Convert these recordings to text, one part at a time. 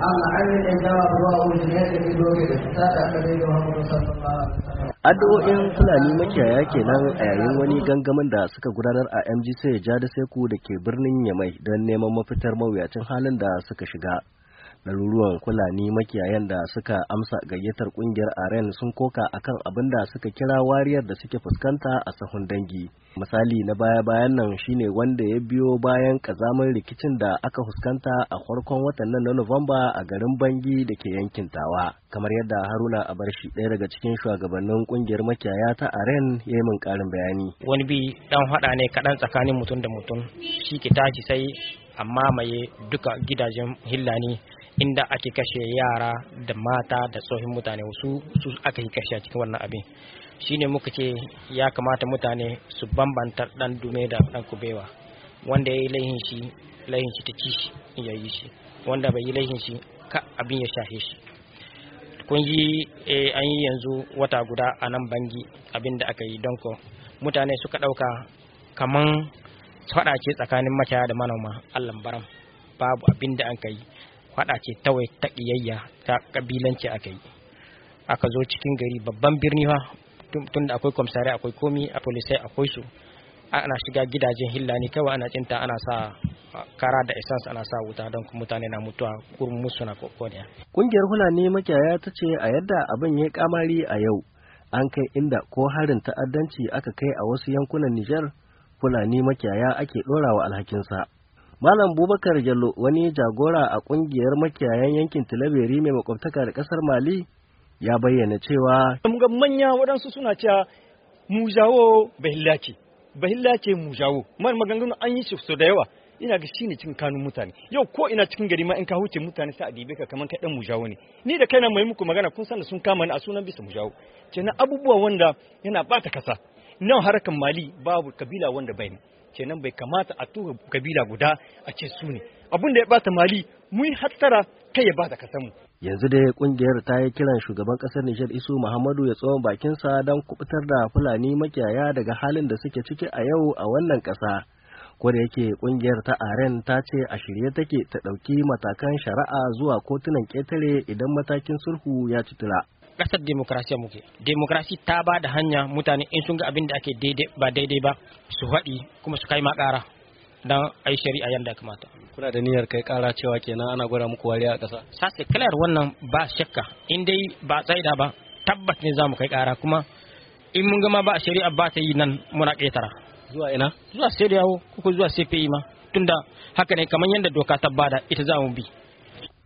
Addu'o'in Fulani makiyaya kenan a yayin wani gangamin da suka gudanar a MGC Jada Seku da ke birnin Yamai don neman mafitar mawuyacin halin da suka shiga. ɗaruruwan Fulani makiyayan da suka amsa gayyatar ƙungiyar Aren sun koka akan abin da suka kira wariyar da suke fuskanta a sahun dangi. Misali na baya-bayan nan shine wanda ya biyo bayan ƙazamin rikicin da aka fuskanta a farkon watan nan na Nuwamba a garin Bangi da ke yankin Tawa. Kamar yadda Haruna a bar shi ɗaya daga cikin shugabannin ƙungiyar makiyaya ta Aren ya yi min ƙarin bayani. Wani bi ɗan haɗa ne kaɗan tsakanin mutum da mutum shi ki tashi sai amma maye duka gidajen hillani inda ake kashe yara da mata da tsohin mutane su su aka yi kashe a cikin wannan abin shi shine muka ce ya kamata mutane su bambanta dan dume da dan kubewa wanda ya yi laihin shi laihin shi ta ci shi ya yi shi wanda bai yi laihin shi ka abin ya shahe shi kun yi eh, an yi yanzu wata guda a nan bangi abin da aka yi don ko mutane suka ɗauka kaman faɗa ce tsakanin makiyaya da manoma allan baram babu abin da an ka yi faɗa ce tawai ta ƙiyayya ta ƙabilanci aka yi aka zo cikin gari babban birni fa tun da akwai kwamsari akwai komi a polisai akwai su ana shiga gidajen hillani kawai ana tsinta ana sa ah, kara da essence ana sa wuta don mutane na mutuwa kurmin musu na kokoniya. Kungiyar Hulani makiyaya ta ce a yadda abin ya kamari a yau an kai inda ko harin ta'addanci aka kai a wasu yankunan Nijar Fulani makiyaya ake ɗorawa alhakinsa. Malam Bubakar Jallo wani jagora a kungiyar makiyayan yankin Tilaberi mai makwabtaka da kasar Mali ya bayyana cewa ga manya waɗansu suna cewa mu jawo bahillaci bahillaci mu jawo mar maganganu an yi shi da yawa ina ga shine cikin kanun mutane yau ko ina cikin gari ma in ka huce mutane sai a dibe ka kamar kai dan mujawo ne ni da kaina mai muku magana kun san da sun kama ni a sunan bisa mujawo kenan abubuwa wanda yana bata kasa nan harakan mali babu kabila wanda bai ne kenan bai kamata a tuka kabila guda a ce su ne abin da ya bata mali mu yi hattara kai ya bata mu yanzu dai kungiyar ta yi kiran shugaban kasar Nijar Isu Muhammadu ya tsawon bakinsa don kubutar da Fulani makiyaya daga halin da suke ciki a yau a wannan kasa. da yake kungiyar ta Aren ta ce a shirye take ta ɗauki matakan shari'a zuwa kotunan ƙetare idan matakin sulhu ya ci kasar demokrasiya muke demokrasi ta ba da hanya mutane in sun ga abin da ake ba daidai ba su haɗi kuma su kai ma don a yi shari'a yadda kamata kuna da niyyar kai kara cewa kenan ana gwada muku wariya a ƙasa sase kalar wannan ba shakka in dai ba tsaida ba tabbas ne za mu kai ƙara kuma in mun gama ba shari'a ba ta yi nan muna ƙetara zuwa ina zuwa sai da yawo kuka zuwa cpi e ma tunda haka ne kamar yadda doka ta bada ita za mu bi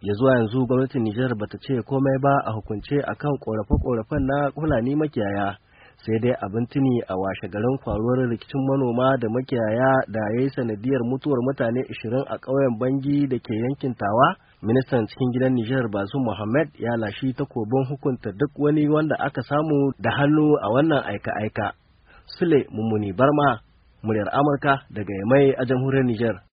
ya zuwa yanzu gwamnatin Nijar bata ce komai ba a hukunce akan korafe-korafen na Fulani makiyaya sai dai abin tuni a washe garin faruwar rikicin manoma da makiyaya da ya yi sanadiyar mutuwar mutane 20 a ƙauyen bangi da ke yankin tawa ministan cikin gidan nijar basu muhammad ya lashi takobin hukunta duk wani wanda aka samu da hannu a wannan aika-aika sule mummuni barma muryar amurka daga mai a jamhuriyar nijar